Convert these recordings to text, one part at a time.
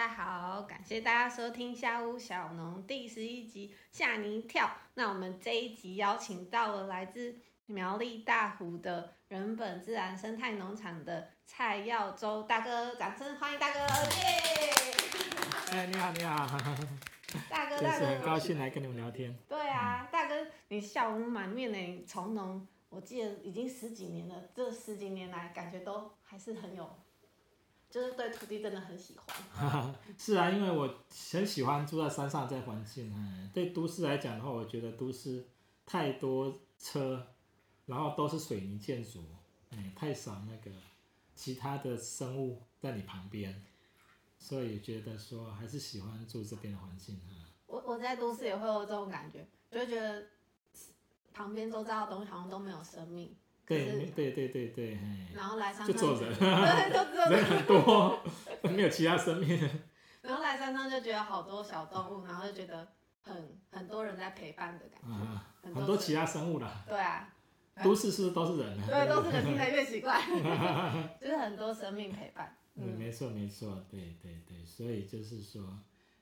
大家好，感謝大家收聽下午小農第十一集嚇你一跳。那我們這一集邀請到了來自苗栗大湖的人本自然生態農場的蔡曜州大哥，掌聲歡迎大哥！耶、哎！哎，你好，你好，大哥，就是、大哥，很高興來跟你們聊天、嗯。對啊，大哥，你笑容滿面呢。從農，我記得已經十幾年了，這十幾年來感覺都還是很有。就是對土地真的很喜歡， 是啊，因為我很喜歡住在山上這環境。對都市來講的話，我覺得都市太多車，然後都是水泥建築，嗯，太少那個其他的生物在你旁邊，所以覺得說還是喜歡住這邊的環境哈。我我在都市也會有這種感覺，就會覺得旁邊周遭的東西好像都沒有生命。對對對對對、嗯，然後來山上就做人，人很多， 沒有其他生命。然後來山上就覺得好多小動物，嗯、然後就覺得很很多人在陪伴的感覺、嗯，很多其他生物啦。對啊，都市是不是都是人？對，對對都是人，越來越奇怪， 就是很多生命陪伴。嗯，沒錯沒錯，對對對，對，所以就是說，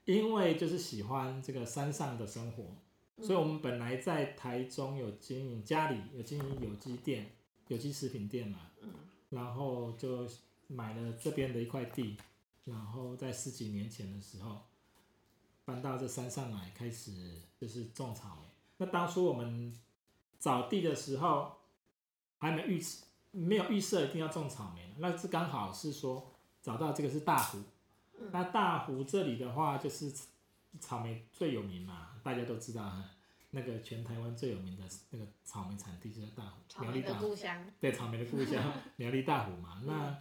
因為就是喜歡這個山上的生活。所以，我們本來在台中有經營，家裡有經營有機店，有機食品店嘛，然後就買了這邊的一塊地，然後在十幾年前的時候搬到這山上來，開始就是種草莓。那當初我們找地的時候，還沒預、沒有預設一定要種草莓，那是剛好是說找到這個是大湖，那大湖這裡的話就是。草莓最有名嘛，大家都知道哈。那個全台灣最有名的那個草莓產地就在大湖，苗栗大湖，對，草莓的故鄉苗栗大湖嘛。那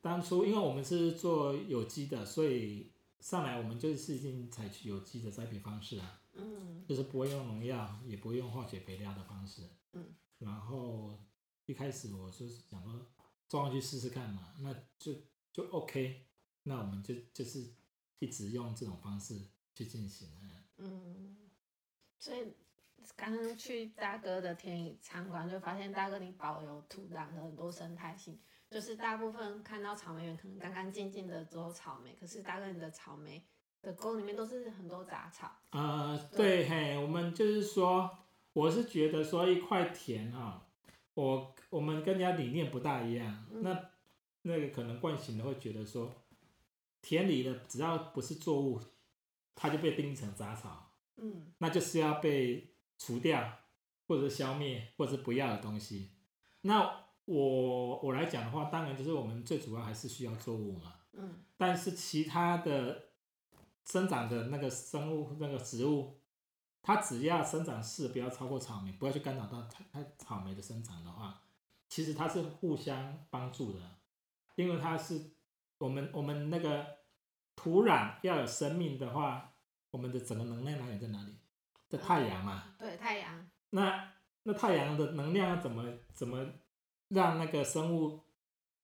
當初因為我們是做有機的，所以上來我們就是已經採取有機的栽培方式啊。嗯。就是不會用農藥，也不會用化學肥料的方式。嗯。然後一開始我就是想說種上去試試看嘛，那就就 OK。那我們就就是一直用這種方式。去進行了，啊，嗯，所以剛剛去大哥的田裡參觀就發現大哥你保留土壤的很多生態性，就是大部分看到草莓園可能乾乾淨淨的只有草莓，可是大哥你的草莓的溝裡面都是很多雜草對，呃。對嘿，我們就是說，我是覺得說一塊田啊，我我們跟人家理念不大一樣，嗯、那那個可能慣行的會覺得說，田裡的只要不是作物。它就被定義成雜草，嗯，那就是要被除掉或者是消滅或者是不要的東西。那我我來講的話，當然就是我們最主要還是需要作物嘛，嗯，但是其他的生長的那個生物那個植物，它只要生長勢不要超過草莓，不要去干擾到它草莓的生長的話，其實它是互相幫助的，因為它是我們我們那個。土壤要有生命的話，我們的整個能量來源在哪裡？在太陽嘛、啊。對，太陽。那那太陽的能量要怎麼、嗯、怎麼讓那個生物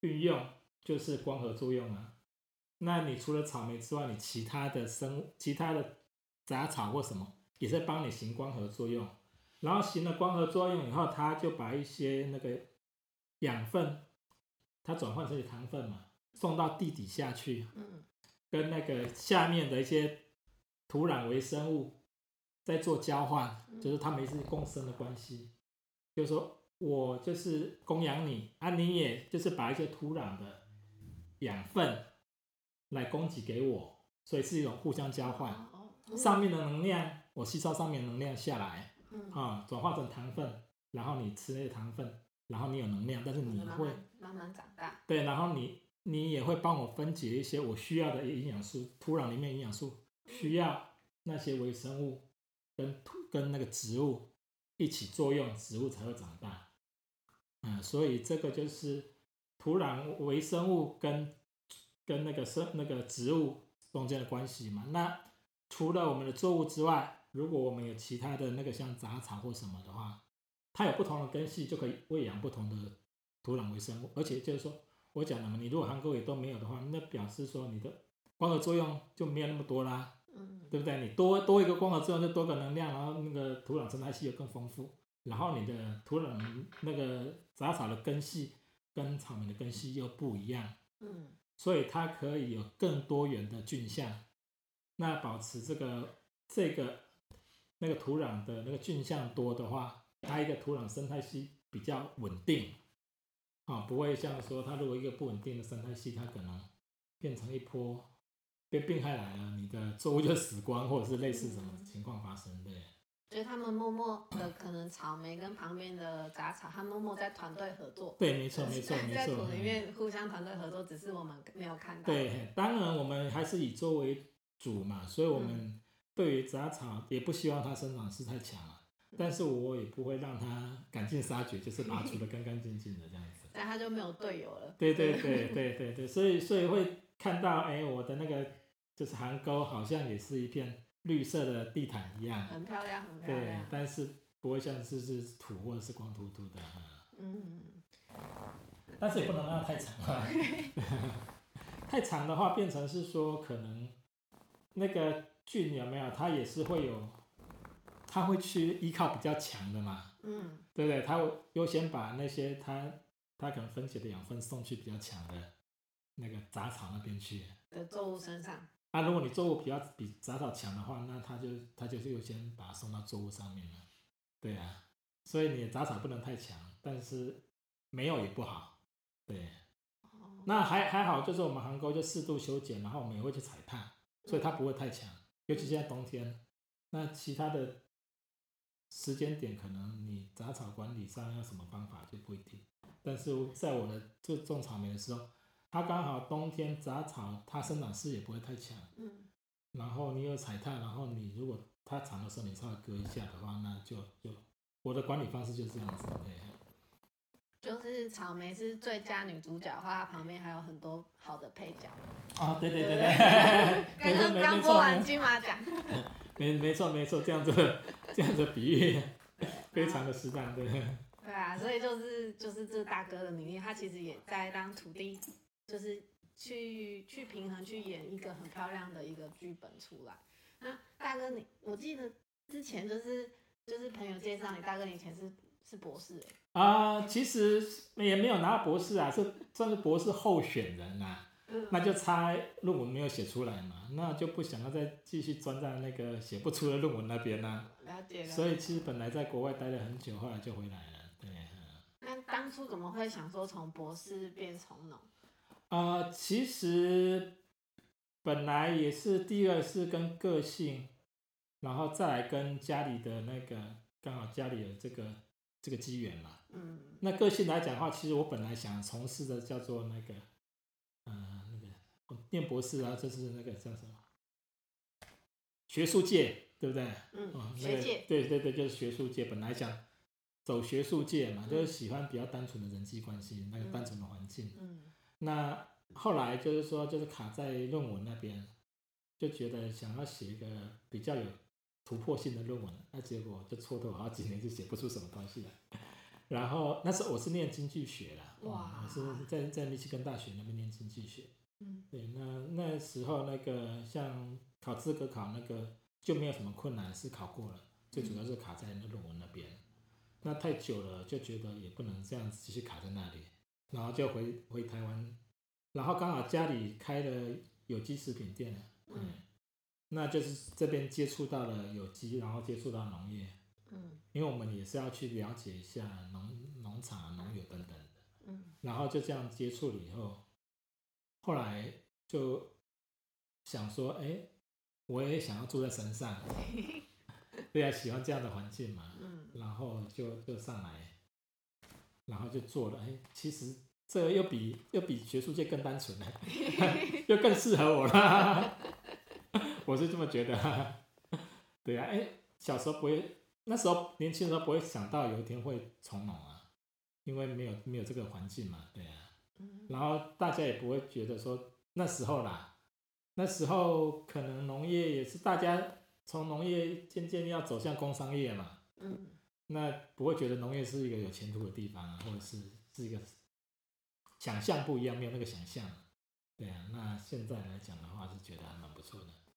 運用？就是光合作用啊。那你除了草莓之外，你其他的生其他的雜草或什麼，也是幫你行光合作用。然後行了光合作用以後，它就把一些那個養分，它轉換成糖分嘛，送到地底下去。嗯。跟那個下面的一些土壤微生物在做交換，就是它們是共生的關係、嗯。就是說，我就是供養你，啊，你也就是把一些土壤的養分來供給給我，所以是一種互相交換、哦哦嗯。上面的能量，我吸收上面的能量下來，啊、嗯，轉、嗯、化成糖分，然後你吃那個糖分，然後你有能量，但是你會慢慢，慢慢長大。對，然後你。你也會幫我分解一些我需要的營養素，土壤裡面營養素需要那些微生物跟土跟那個植物一起作用，植物才會長大。嗯，所以這個就是土壤微生物跟跟那個生那個植物中間的關係嘛。那除了我們的作物之外，如果我們有其他的那個像雜草或什麼的話，它有不同的根系就可以餵養不同的土壤微生物，而且就是說。我講了嘛，你如果韓國也都沒有的話，那表示說你的光合作用就沒有那麼多啦，對不對？你多多一個光合作用就多個能量，然後那個土壤生態系又更豐富，然後你的土壤那個雜草的根系跟草莓的根系又不一樣，所以它可以有更多元的菌相，那保持這個這個那個土壤的那個菌相多的話，它一個土壤生態系比較穩定。啊、哦，不會像說，它，如果一個不穩定的生態系，它可能變成一波被病害來了，你的作物就死光，或者是類似什麼情況發生。對，所以他們默默的，可能草莓跟旁邊的雜草，它默默在團隊合作。對，沒錯，沒錯，沒錯。在土裡面互相團隊合作，只是我們沒有看到。對，對對，當然我們還是以作物為主嘛，所以我們對於雜草也不希望它生長勢太強但是我也不會讓他趕盡殺絕，就是拔除得乾乾淨淨的這樣子。那 他就沒有隊友了。 對對對對對對，所以所以會看到，哎、欸，我的那個就是壕溝，好像也是一片綠色的地毯一樣，很漂亮很漂亮。對，但是不會像是是土或者是光禿禿的，啊。嗯。但是也不能讓它太長，啊、 太長的話變成是說可能那個菌有沒有，它也是會有。他會去依靠比較強的嘛，嗯，對不對？他會優先把那些他他可能分解的養分送去比較強的那個雜草那邊去，的作物身上。那、啊、如果你作物比較比雜草強的話，那他就他就是優先把它送到作物上面了。對啊，所以你的雜草不能太強，但是沒有也不好。對，哦、那還還好，就是我們行溝就適度修剪，然後我們也會去踩踏，所以它不會太強、嗯。尤其現在冬天，那其他的。時間點可能你雜草管理上要什麼方法就不一定，但是在我的就種草莓的時候，它剛好冬天雜草它生長勢也不會太強、嗯，然後你有踩踏，然後你如果它長的時候你稍微割一下的話，那就就我的管理方式就是這樣子。就是草莓是最佳女主角的話，它旁邊還有很多好的配角。啊、哦、對，對對對，對對對 剛，剛剛播完金馬獎，沒錯沒錯沒錯，這樣子。這樣的比喻非常的適當，對。對啊，所以就是就是這大哥的裡面，他其實也在當徒弟，就是去去平衡，去演一個很漂亮的一個劇本出來。那大哥你，你我記得之前就是就是朋友介紹你，大哥以前是是博士哎、欸。啊、呃，其實也沒有拿博士啊，是算是博士候選人啊。那就猜論文沒有寫出來嘛，那就不想要再繼續鑽在那個寫不出的論文那邊啦、啊。了解了。所以其實本來在國外待了很久，後來就回來了。對，那當初怎麼會想說從博士變從農？呃，其實本來也是，第二是跟個性，然後再來跟家裡的那個剛好家裡有這個這個機緣嘛。嗯。那個性來講的話，其實我本來想從事的叫做那個。念博士啊，就是那個叫什麼，學術界對不對？嗯、哦那個，學界。對對對，就是學術界。本來想走學術界嘛、嗯，就是喜歡比較單純的人際關係，那個單純的環境嗯。嗯，那後來就是說，就是卡在論文那邊，就覺得想要寫一個比較有突破性的論文，那結果就蹉跎好幾年，就寫不出什麼東西了。 然後那時候我是念經濟學的、嗯，哇，我是在在密西根大學那邊念經濟學。嗯，對，那那時候那個像考資格考那個就沒有什麼困難，是考過了，嗯，最主要是卡在那論文那邊，那太久了就覺得也不能這樣子繼續卡在那裡，然後就回回台灣，然後剛好家裡開了有機食品店，嗯，嗯，那就是這邊接觸到了有機，然後接觸到農業，嗯，因為我們也是要去了解一下農農場、農業等等，嗯，然後就這樣接觸了以後，後來就想說，哎、欸，我也想要住在山上，對啊，喜歡這樣的環境嘛，嗯，然後就就上來，然後就做了，哎、欸，其實這又比又比學術界更單純了， 又更適合我了、啊，我是這麼覺得、啊，對啊，哎、欸，小時候不會，那時候年輕的時候不會想到有一天會從農啊，因為沒有沒有這個環境嘛，對呀、啊。然後大家也不會覺得說那時候啦，那時候可能農業也是大家從農業漸漸要走向工商業嘛，嗯，那不會覺得農業是一個有前途的地方，或者是是一個想象不一樣，沒有那個想象，對啊，那現在來講的話是覺得還蠻不錯的。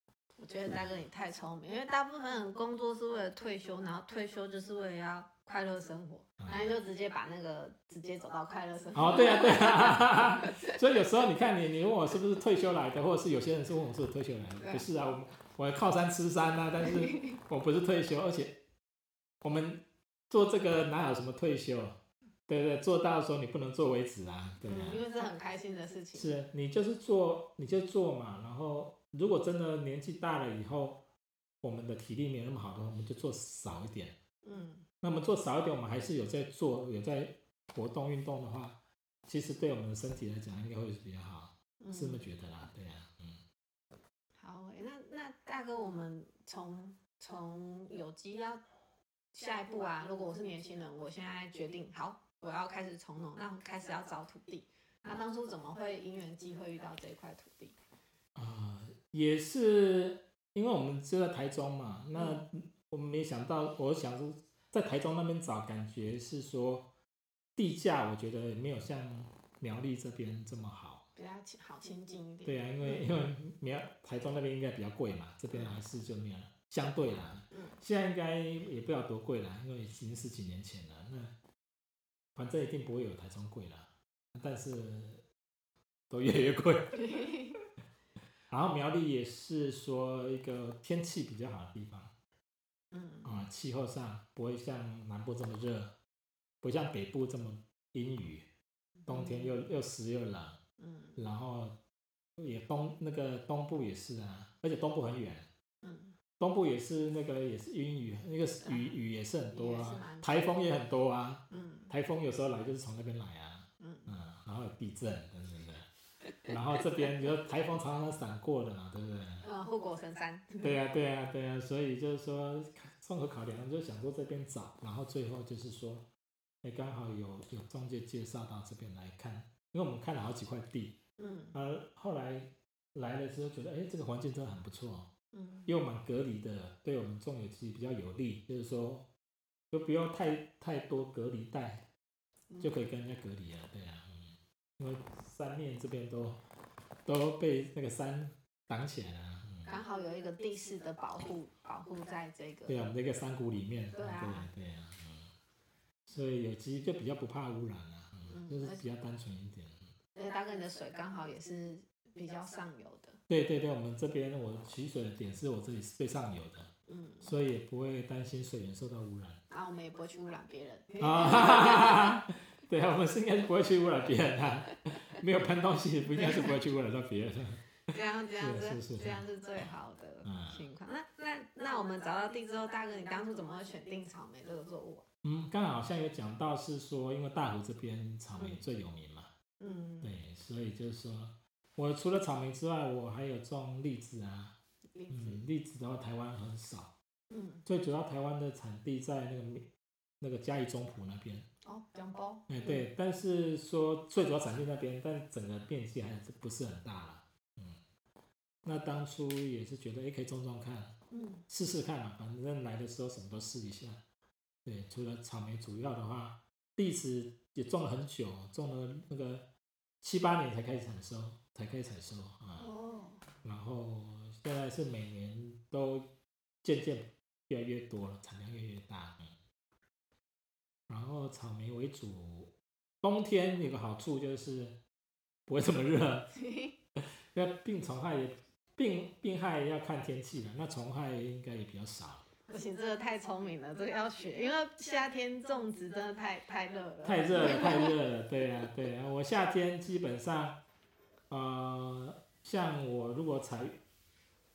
我覺得大哥你太聰明，因為大部分工作是為了退休，然後退休就是為了要快樂生活，然後就直接把那個直接走到快樂生活。哦，對呀，對呀， 所以有時候你看你，你問我是不是退休來的，或者是有些人是問我是不是退休來的，不是啊，我我要靠山吃山啊，但是我不是退休，而且我們做這個哪有什麼退休，對對，做到的時候你不能做為止啊，對，因為是很開心的事情。是你就是做你就做嘛，然後。如果真的年紀大了以後，我們的體力沒有那麼好的話，我們就做少一點。嗯，那麼做少一點，我們還是有在做，有在活動運動的話，其實對我們的身體來講應該會比較好，嗯、是這麼覺得啦。對啊。嗯。好，那那大哥，我們從從有機要下一步啊。如果我是年輕人，我現在決定好，我要開始從農，那開始要找土地。那當初怎麼會因緣機會遇到這一塊土地？也是，因為我們就在台中嘛，那我們沒想到，我想在台中那邊找，感覺是說地價，我覺得沒有像苗栗這邊這麼好，比較好親近一點。對啊，因為因為苗台中那邊應該比較貴嘛，這邊還是就那樣，相對啦。現在應該也不要多貴啦，因為已經是十幾年前了。那反正一定不會有台中貴了，但是都越來越貴。 然後苗栗也是說一個天氣比較好的地方，嗯啊、嗯，氣候上不會像南部這麼熱，不像北部這麼陰雨，冬天又、嗯、又濕又冷，嗯，然後也東那個東部也是啊，而且東部很遠，嗯，東部也是那個也是陰雨，那個雨、嗯、雨也是很多啊，台風也很多啊，嗯，台風有時候來就是從那邊來啊，嗯，嗯然後有地震、就是 然後這邊你說台風常常都閃過的嘛，對不對？嗯、後果深山 對、啊。對啊對啊對啊，所以就是說綜合考量，就想說這邊找，然後最後就是說，哎，剛好有有中介介紹到這邊來看，因為我們看了好幾塊地，嗯，呃、啊，後來來了之後覺得，哎，這個環境真的很不錯，嗯，因為我們隔離的，對我們種有機比較有利，就是說，就不用太太多隔離帶、嗯，就可以跟人家隔離了，對啊。因為三面這邊都都被那個山擋起來了，剛、嗯、好有一個地勢的保護，保護在這個對我們那個山谷裡面，對、啊啊、對對啊、嗯，所以有機就比較不怕污染、啊嗯嗯、就是比較單純一點。而、嗯、且大哥你的水剛好也是比較上游的，對對對，我們這邊我取水的點是我這裡是最上游的、嗯，所以也不會擔心水源受到污染。啊，我們也不會去污染別人。啊 對啊，我們是應該不會去污染別人的、啊，沒有噴東西，也不應該是不會去污染到別人的。 這樣這樣是， 是，是，是這樣是最好的情況、啊嗯。那那那我們找到地之後，大哥，你當初怎麼會選定草莓這個作物？嗯，剛才好像有講到是說，因為大湖這邊草莓最有名嘛。嗯。對，所以就是說我除了草莓之外，我還有種栗子啊。栗子，栗子、嗯、的話，台灣很少、嗯。最主要，台灣的產地在那個那個嘉義中埔那邊。哦，兩包。哎，對，但是說最主要產地那邊，但整個面積還是不是很大了。嗯，那當初也是覺得哎，可以種種看，嗯，試試看嘛、啊，反正來的時候什麼都試一下。對，除了草莓，主要的話荔枝也種了很久，種了那個七八年才開始產生，才開始產收啊。哦。然後現在是每年都漸漸越來越多了，產量越來越大。嗯。然後草莓為主，冬天有個好處就是不會這麼熱，那 病蟲害、病病害要看天氣了，那蟲害應該也比較少。不行，這個太聰明了，這個要學，因為夏天種植真的太太熱了。太熱了， 太熱了。對啊對啊，我夏天基本上，呃，像我如果採，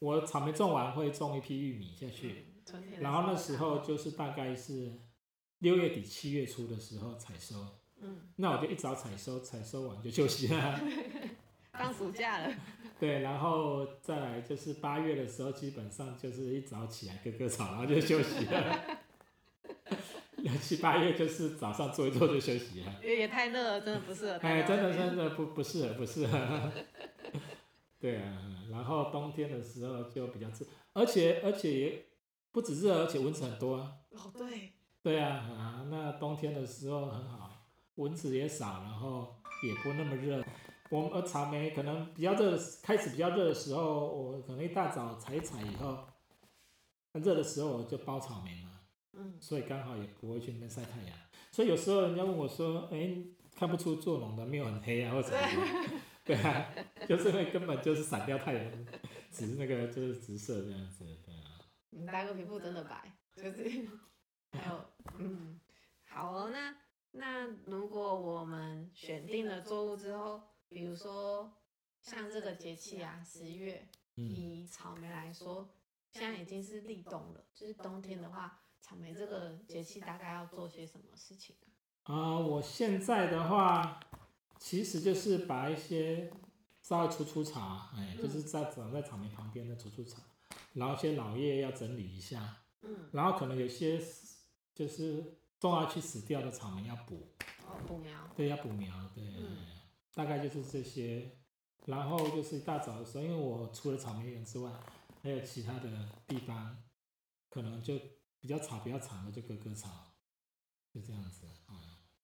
我草莓種完會種一批玉米下去，嗯、然後那時候就是大概是。六月底七月初的時候採收，嗯，那我就一早採收，採收完就休息了啊。 放暑假了。對，然後再來就是八月的時候，基本上就是一早起來割割草，然後就休息了。 七八月就是早上坐一坐就休息了。也也太熱，真的不適合。哎，太熱真的真的不不適合，不適合。 對啊，然後冬天的時候就比較熱，而且而且也不止熱，而且蚊子很多啊。哦，對。對啊，啊，那冬天的時候很好，蚊子也少，然後也不那麼熱。我們草莓可能比較熱，開始比較熱的時候，我可能一大早採一採以後，那熱的時候我就包草莓嘛。嗯。所以剛好也不會去那邊曬太陽。所以有時候人家問我說：“哎，看不出做農的，沒有很黑啊，或者什麼對？”對啊，就是會根本就是閃掉太陽，只是那個就是直射這樣子，對啊。你大哥皮膚真的白，就是。還有，嗯，好哦，那那如果我們選定了作物之後，比如說像這個節氣啊，十月、嗯，以草莓來說，現在已經是立冬了，就是冬天的話，草莓這個節氣大概要做些什麼事情啊？啊、呃，我現在的話，其實就是把一些稍微除除草，哎，就是在長、嗯、在草莓旁邊的除除草，然後一些老葉要整理一下、嗯，然後可能有些。就是種下去死掉的草莓要補，哦，補苗，對，要補苗對、嗯，對，大概就是這些。然後就是一大早的時候，因為我除了草莓園之外，還有其他的地方，可能就比較草比較長的就割割草，就這樣子啊。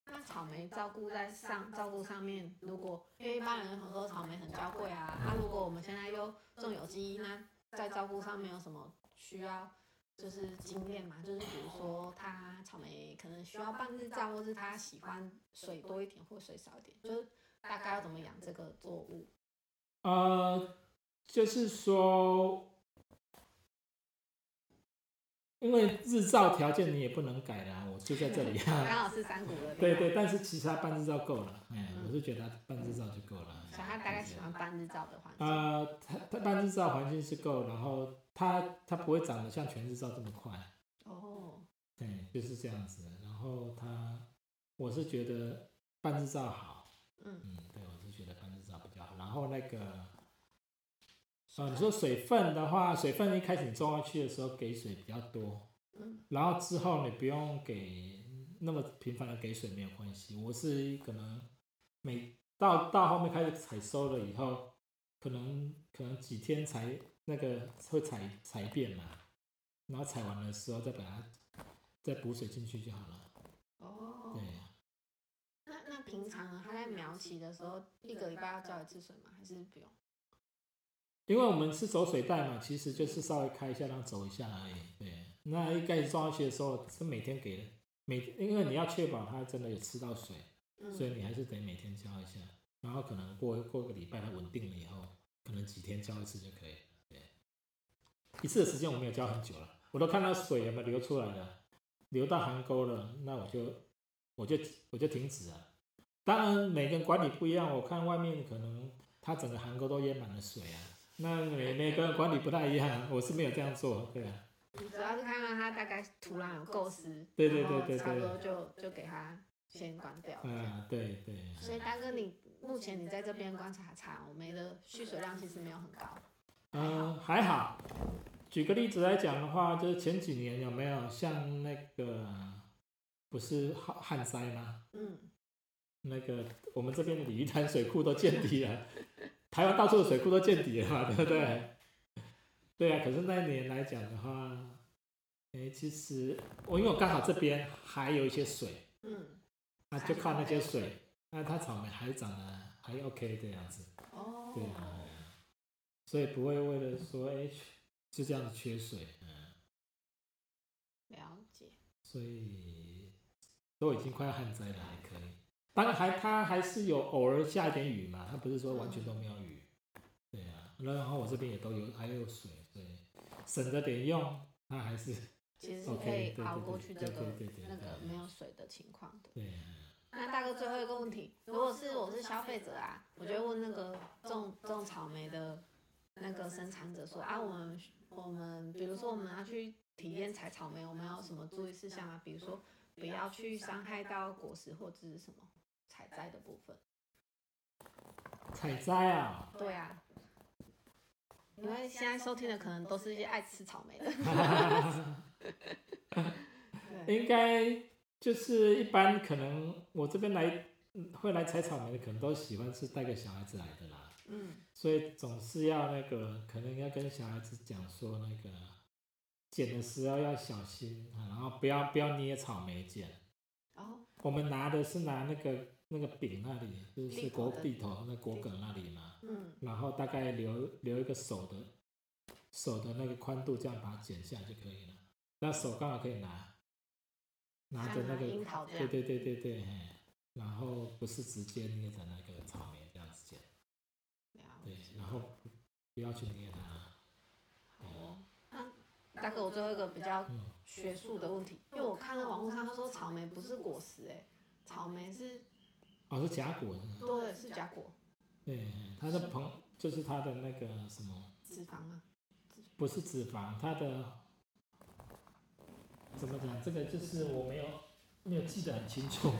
那、嗯、草莓照顧在上照顧上面，如果因為一般人喝草莓很嬌貴啊，那、啊、如果我們現在又種有機呢，在照顧上沒有什麼需要。就是經驗嘛，就是比如說，它，草莓可能需要半日照，或是它喜歡水多一點或水少一點，就是大概要怎麼養這個作物？呃，就是說。因為日照條件你也不能改了，我就在這裡。剛好是山谷的。對對，但是其他半日照夠了。嗯，我是覺得他半日照就夠了。小、嗯、孩、啊、大概喜歡半日照的環境。呃，他，他半日照環境是夠，然後他他不會長得像全日照這麼快。哦。對，就是這樣子。然後他，我是覺得半日照好。嗯嗯，對，我是覺得半日照比較好。然後那個。啊、嗯，你說水分的話，水分一開始你種下去的時候給水比較多，嗯，然後之後你不用給那麼頻繁的給水沒有關係。我是可能每到到後面開始採收了以後，可能可能幾天才那個會採採一遍嘛，然後採完的時候再把它再補水進去就好了。哦，對。那那平常他在苗期的時候，一個禮拜要澆一次水嗎？還是不用？因為我們是走水袋嘛，其實就是稍微開一下然後走一下而已。對，那一開始裝下去的時候是每天給的，每因為你要確保它真的有吃到水，所以你還是得每天澆一下。然後可能過過個禮拜它穩定了以後，可能幾天澆一次就可以了。對，一次的時間我沒有澆很久了，我都看到水有沒有流出來了，流到涵溝了，那我就我就我就停止了。當然每個人管理不一樣，我看外面可能它整個涵溝都淹滿了水啊。那、嗯、每每個人管理不太一樣，我是沒有這樣做，對啊。主要是看看它大概土壤有夠濕，對對對對，對，差不多就就給它先關掉。嗯，對對。所以大哥你，你目前你在這邊觀察，查我們的蓄水量其實沒有很高，嗯，還好，嗯還好。舉個例子來講的話，就是前幾年有沒有像那個不是旱旱災嗎？嗯，那個我們這邊鯉魚潭水庫都見底了。 台灣到處的水庫都見底了嘛，對不對？ 對啊，可是那一年來講的話，哎、欸，其實我、哦、因為我剛好這邊還有一些水，嗯，那、啊、就靠那些水，那它草莓還長得還 OK 的樣子，這樣子，哦，對，所以不會為了說，哎，就這樣子缺水，嗯，了解，所以都已經快要旱災了，還可以。當然還它還是有偶爾下一點雨嘛，它不是說完全都沒有雨，對呀、啊。然後我這邊也都有還有水，對，省着點用，它、啊、還是其實是可以熬過去那個對對對對對那個沒有水的情況對，對，對。那大哥最後一個問題，如果是我是消費者啊，我就會問那個種種草莓的那個生產者說啊，我們我們比如說我們要去體驗採草莓，我們要什麼注意事項啊？比如說不要去傷害到果實或者是什麼？採摘的部分，採摘啊、哦，對啊，因為現在收聽的可能都是一些愛吃草莓的， 應該就是一般可能我這邊來會來採草莓的，可能都喜歡是帶個小孩子來的啦，嗯，所以總是要那個可能要跟小孩子講說那個剪的時候要小心，然後不要不要捏草莓剪，然，哦，我們拿的是拿那個。那個柄那裡就是果蒂頭，那果梗那裡嘛。嗯、然後大概留留一個手的，手的那個寬度，這樣把它剪下就可以了。那手剛好可以拿，拿着那個櫻桃對對對對、對、嗯嗯、然後不是直接捏著那個草莓這樣子剪。對，然後不要去捏它。哦、嗯啊。大哥，我最後一個比較學術的問題、嗯，因為我看到網絡上他說草莓不是果實、欸，哎，草莓是。哦，是假果的。對，是假果。對，他的朋，就是他的那個什麼。脂肪啊？不是脂肪，他的怎麼講？這個就是我沒有沒有記得很清楚。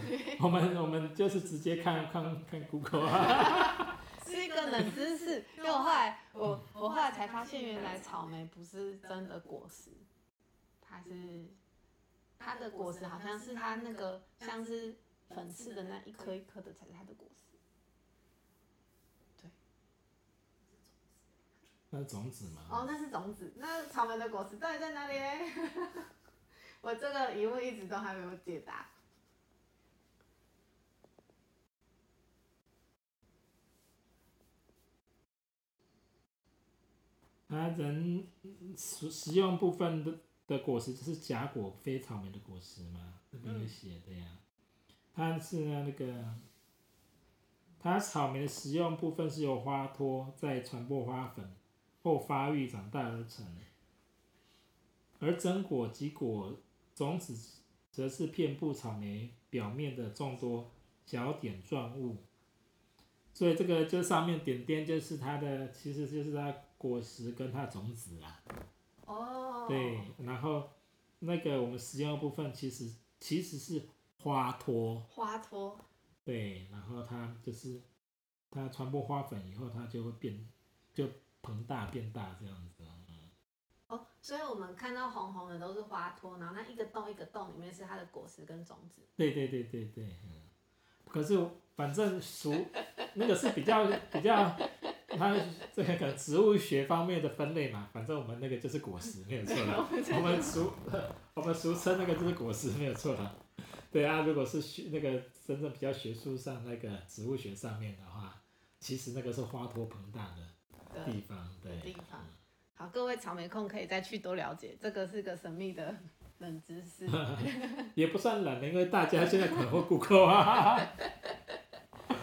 我們我們就是直接看看看 Google 啊。 是一個冷知識，因為我後來我我後來才發現，原來草莓不是真的果實，它是它的果實好像是它那個像是。粉刺的那一顆一顆的才是它的果實，對，那是種子，那是種子嗎？哦，那是種子。那是草莓的果實到底在哪裡嘞？ 我這個疑問一直都還沒有解答、啊。那人食食用部分的的果實就是假果，非草莓的果實嗎？這邊寫的呀。但是呢那個，它草莓的食用部分是由花托在傳播花粉後發育長大而成，而真果及果種子則是遍布草莓表面的眾多小點狀物，所以這個就上面點點就是它的，其實就是它果實跟它的種子啊。哦。對，然後那個我們食用部分其實其實是。花托，花托，對，然後它就是它傳播花粉以後，它就會變就膨大變大這樣子，嗯，哦，所以我們看到紅紅的都是花托，然後那一個洞一個洞裡面是它的果實跟種子。對對對對對。嗯，可是反正俗 那個是比較比較，它這個植物學方面的分類嘛，反正我們那個就是果實 沒有錯的。 我們俗我們俗稱那個就是果實沒有錯的。對啊，如果是學那個真正比較學術上那個植物學上面的話，其實那個是花托膨大的地方，對，對，地方、嗯。好，各位草莓控可以再去多了解，這個是個神秘的冷知識。 也不算冷，因為大家現在可以 Google 啊。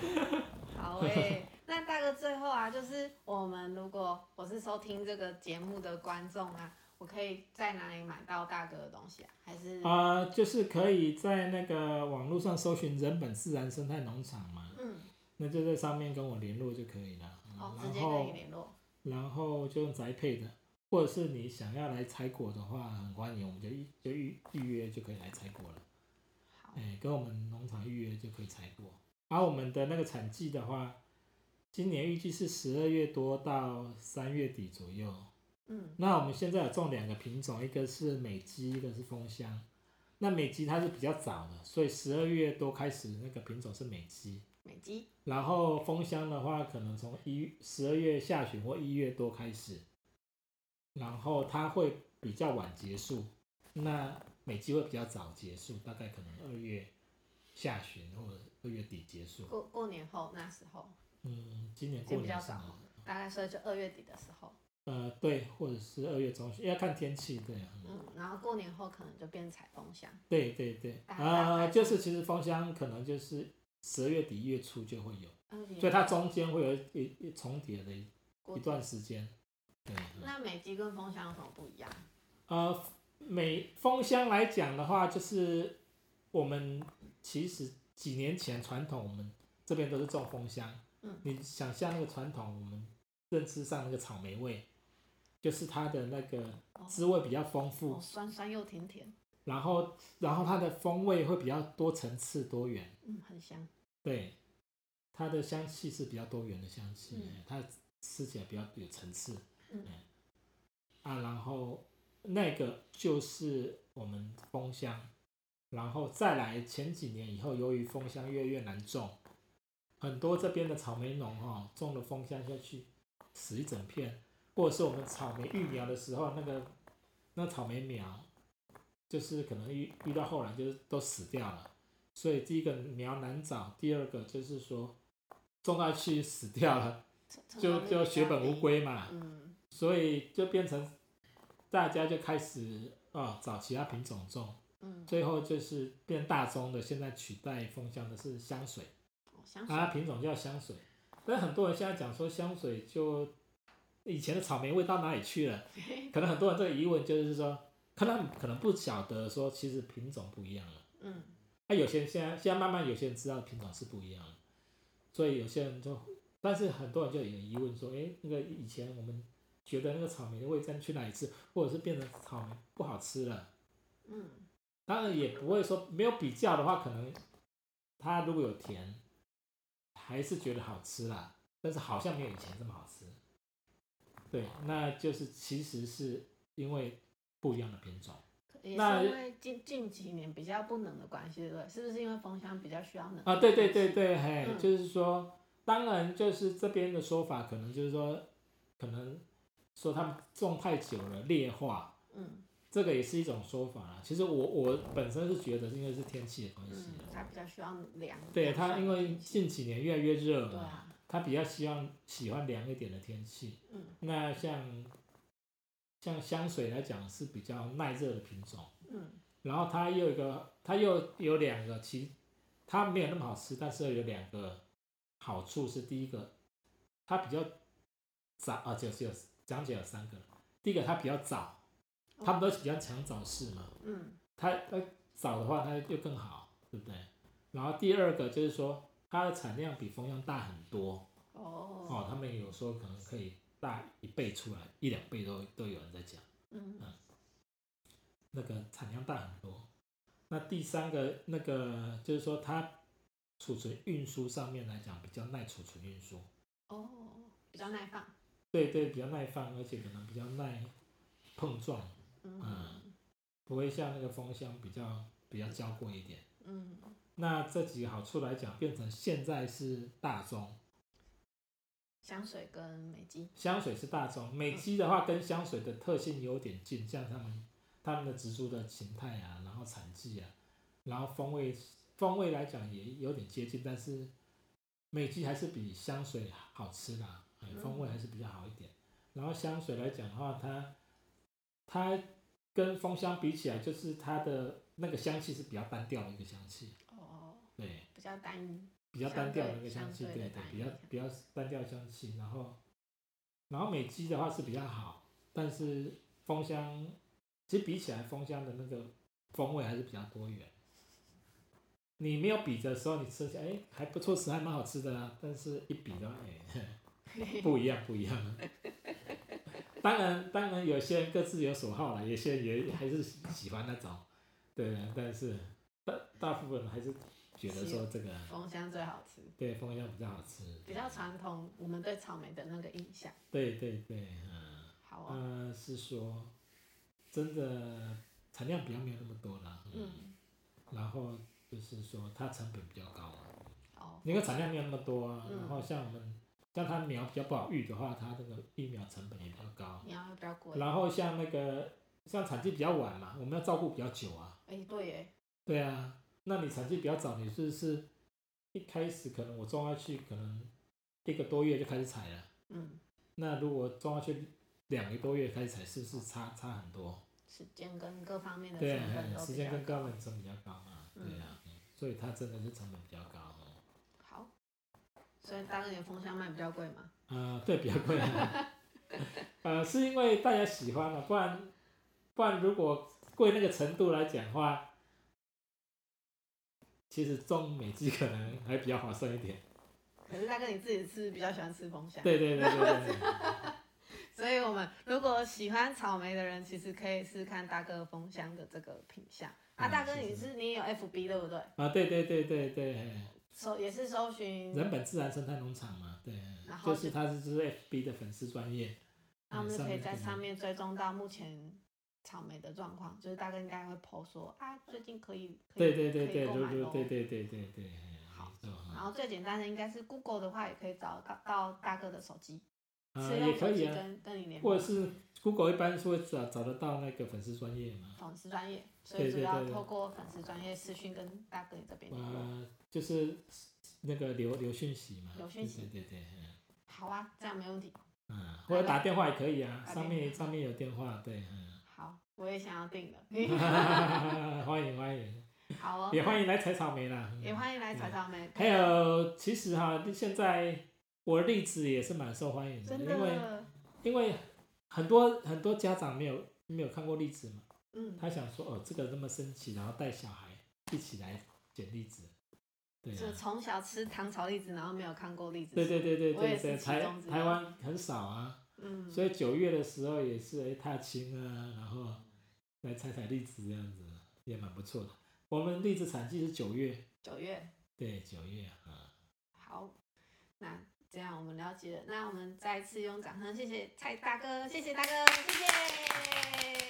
好哎、欸，那大哥最後啊，就是我們如果我是收聽這個節目的觀眾啊。我可以在哪裡買到大哥的東西啊？還是啊、呃，就是可以在那個網絡上搜尋“人本自然生態農場”嘛。嗯。那就在上面跟我聯絡就可以了。好、哦嗯，直接可以聯絡。然後就用宅配的，或者是你想要來採果的話，很歡迎，我們就預就預預約就可以來採果了。好、欸。跟我們農場預約就可以採果。而、啊、我們的那個產季的話，今年預計是十二月多到三月底左右。那我們現在有種兩個品種，一個是美姬，一個是豐香。那美姬它是比較早的，所以十二月多開始，那個品種是美姬。美姬。然後豐香的話，可能從一十二月下旬或一月多開始，然後它會比較晚結束。那美姬會比較早結束，大概可能二月下旬或二月底結束。過過年後那時候。嗯，今年過年的時候，大概說就二月底的時候。呃，對，或者是二月中旬，要看天氣，對，嗯。嗯，然後過年後可能就變採豐香。對對對，啊、呃，就是其實豐香可能就是十二月底、月初就會有。嗯，所以它中間會有一,一,一重疊的一,一段時間。對。對，那美姬跟豐香有什麼不一樣？呃，美豐香來講的話，就是我們其實幾年前傳統我們這邊都是種豐香，嗯，你想像那個傳統我們認知上那個草莓味。就是它的那個滋味比較豐富，哦哦，酸酸又甜甜，然後然後它的風味會比較多層次多元，嗯，很香，對，它的香氣是比較多元的香氣，嗯、它吃起來比較有層次，嗯，啊，然後那個就是我們豐香，然後再來前幾年以後，由於豐香越來越難種，很多這邊的草莓農哈、哦、種了豐香下去死一整片。或者是我們草莓育苗的時候，那個那草莓苗就是可能遇遇到後來就是都死掉了，所以第一個苗難找，第二個就是說，種下去死掉了，就就血本無歸嘛、嗯。所以就變成大家就開始啊、哦、找其他品種種，最後就是變大宗的，現在取代豐香的是香水，香水啊品種叫香水，但很多人現在講說香水就，以前的草莓味到哪裡去了？可能很多人這個疑問就是說，可能可能不曉得說其實品種不一樣了。嗯，那有些人現在現在慢慢有些人知道品種是不一樣了，所以有些人就，但是很多人就有疑問說，哎、欸，那個以前我們覺得那個草莓的味再去哪裡吃，或者是變成草莓不好吃了？嗯，當然也不會說沒有比較的話，可能它如果有甜，還是覺得好吃啦，但是好像沒有以前這麼好吃。對，那就是其實是因為不一樣的品種，那因為近近幾年比較不冷的關係，對不對？是不是因為風箱比較需要冷啊？對對對對，對、嗯，嘿，就是說，當然就是這邊的說法，可能就是說，可能說他們種太久了劣化，嗯，這個也是一種說法啦。其實我我本身是覺得是因為是天氣的關係，嗯、它比較需要涼。對，它，因為近幾年越來越熱了。嗯對啊他比較希望喜歡涼一點的天氣，嗯，那像像香水來講是比較耐熱的品種，嗯，然後它又一個，它又有兩個，其實它沒有那麼好吃，但是有兩個好處是第一個，它比較早啊，就是有講解有三個，第一個它比較早，哦，他們都比較搶早市嘛，嗯，它它早的話它就更好，對不對？然後第二個就是說，它的產量比蜂箱大很多哦，他們有時候可能可以大一倍出來，一兩倍都都有人在講，嗯嗯，那個產量大很多。那第三個那個就是說，它儲存運輸上面來講比較耐儲存運輸哦，比較耐放。對對，對，比較耐放，而且可能比較耐碰撞，嗯，嗯，不會像那個蜂箱比較比較嬌貴一點，嗯。那這幾個好處來講，變成現在是大宗香水跟美姬。香水是大宗，美姬的話跟香水的特性有點近，嗯、像他們他們的植株的形態啊，然後產季啊，然後風味風味來講也有點接近，但是美姬還是比香水好吃啦，嗯，風味還是比較好一點。然後香水來講的話，它它跟豐香比起來，就是它的那個香氣是比較單調的一個香氣。對，比較單一，比較單調的那個香氣，對對，對對，比較比較單調香氣。然後，然後美姬的話是比較好，但是豐香其實比起來，豐香的那個風味還是比較多元。你沒有比的時候，你吃起來哎、欸、還不錯，吃還蠻好吃的啦、啊。但是一比的話、欸，不一樣不一樣。當 然當然，當然有些人各自有所好啦，有些人也還是喜歡那種， 對。但是大大部分還是。覺得說這個豐香最好吃，對，豐香比較好吃，比較傳統。我們對草莓的那個印象，對對對，嗯，好啊。呃、是說真的產量比較沒有那麼多啦，嗯，嗯嗯然後就是說它成本比較高啊。哦，因為產量沒有那麼多啊，嗯、然後像我們像它苗比較不好育的話，它這個育苗成本也比較高。苗又比較貴。然後像那個像產期比較晚嘛，我們要照顧比較久啊。哎、欸，對哎。對啊。那你產季比較早，你是不是一開始可能我裝下去可能一個多月就開始採了。嗯。那如果裝下去兩個多月開始採，是不是差差很多？時間跟各方面的成本都比較高對對對對對時間跟各方面的成本比較高嘛，對呀、啊。所以它真的是成本比較高、喔、好，所以大哥的蜂箱賣比較貴嘛？啊、呃，對，比較貴、啊。啊、 呃，是因為大家喜歡嘛、啊，不然不然如果貴那個程度來講的話。其實種美雞可能還比較划算一點，可是大哥你自己是比較喜歡吃豐香， 對對對對對,對， 所以我們如果喜歡草莓的人，其實可以試看大哥豐香的這個品相啊,啊。大哥你是你也有 FB 對不對？啊對對對對對，搜也是搜尋人本自然生態農場嘛，對然後，就是他是 FB 的粉絲專頁，那我們可以在上面追蹤到目前。草莓的狀況，就是大哥應該會 post 說啊，最近可以，可以對對對對，可以購買哦、對，對對對對對，好。然後最簡單的應該是 Google 的話，也可以找到，到大哥的手機，啊、手機也可以跟、啊、跟你聯繫。或者是 Google 一般是會找找得到那個粉絲專頁嘛？粉絲專頁，所以主要透過粉絲專頁私訊跟大哥你這邊聯呃、啊，就是那個留留訊息嘛？留訊息，對，對對對。好啊，這樣沒問題。嗯、或者打電話也可以啊，上面上面有電話，對、嗯我也想要定了。 歡迎歡迎，好、哦、也歡迎來採草莓啦，也歡迎來採草莓，嗯。還有，其實哈、啊，現在，我的栗子也是蠻受歡迎的，真的因為，因為很多很多家長沒有沒有看過栗子嘛，嗯，他想說哦，這個這麼神奇，然後帶小孩一起來撿栗子，對、啊，是從小吃糖炒栗子，然後沒有看過栗子，對對對對對，台台灣很少啊，嗯，所以九月的時候也是哎踏青啊，然後。來採採荔枝，這樣子也蠻不錯的。我們荔枝產季是九月。九月。對，九月啊，好，那這樣我們了解了。那我們再次用掌聲謝謝蔡大哥，謝謝大哥，謝謝。